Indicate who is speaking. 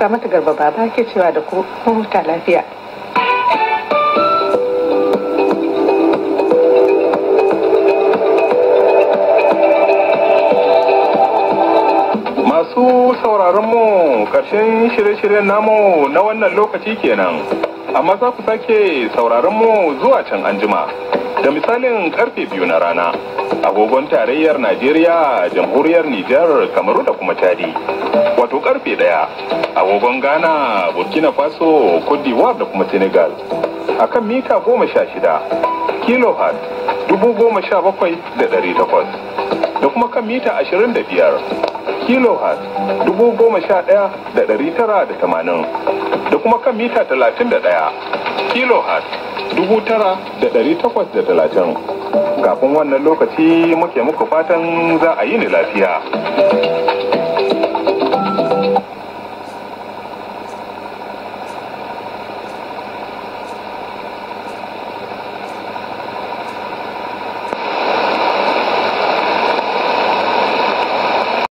Speaker 1: mata garba ba ke cewa da ku huta lafiya masu sauraron mu karshen shirye-shiryen namu na wannan lokaci kenan amma za ku sake sauraron mu zuwa can anjima. da misalin karfe biyu na rana agogon tarayyar najeriya jamhuriyar nijar kamaru da kuma chadi wato karfe daya agogon ghana burkina faso d'Ivoire da kuma senegal akan mita goma sha shida kilohertz dubu goma sha bakwai da ɗari takwas da kuma kan mita ashirin da biyar kilohertz dubu goma sha ɗaya da ɗari tara da tamanin da kuma kan mita talatin da ɗaya kilohertz dubu tara da ɗari takwas da talatin kafin wannan lokaci muke muku fatan za a yi ni lafiya.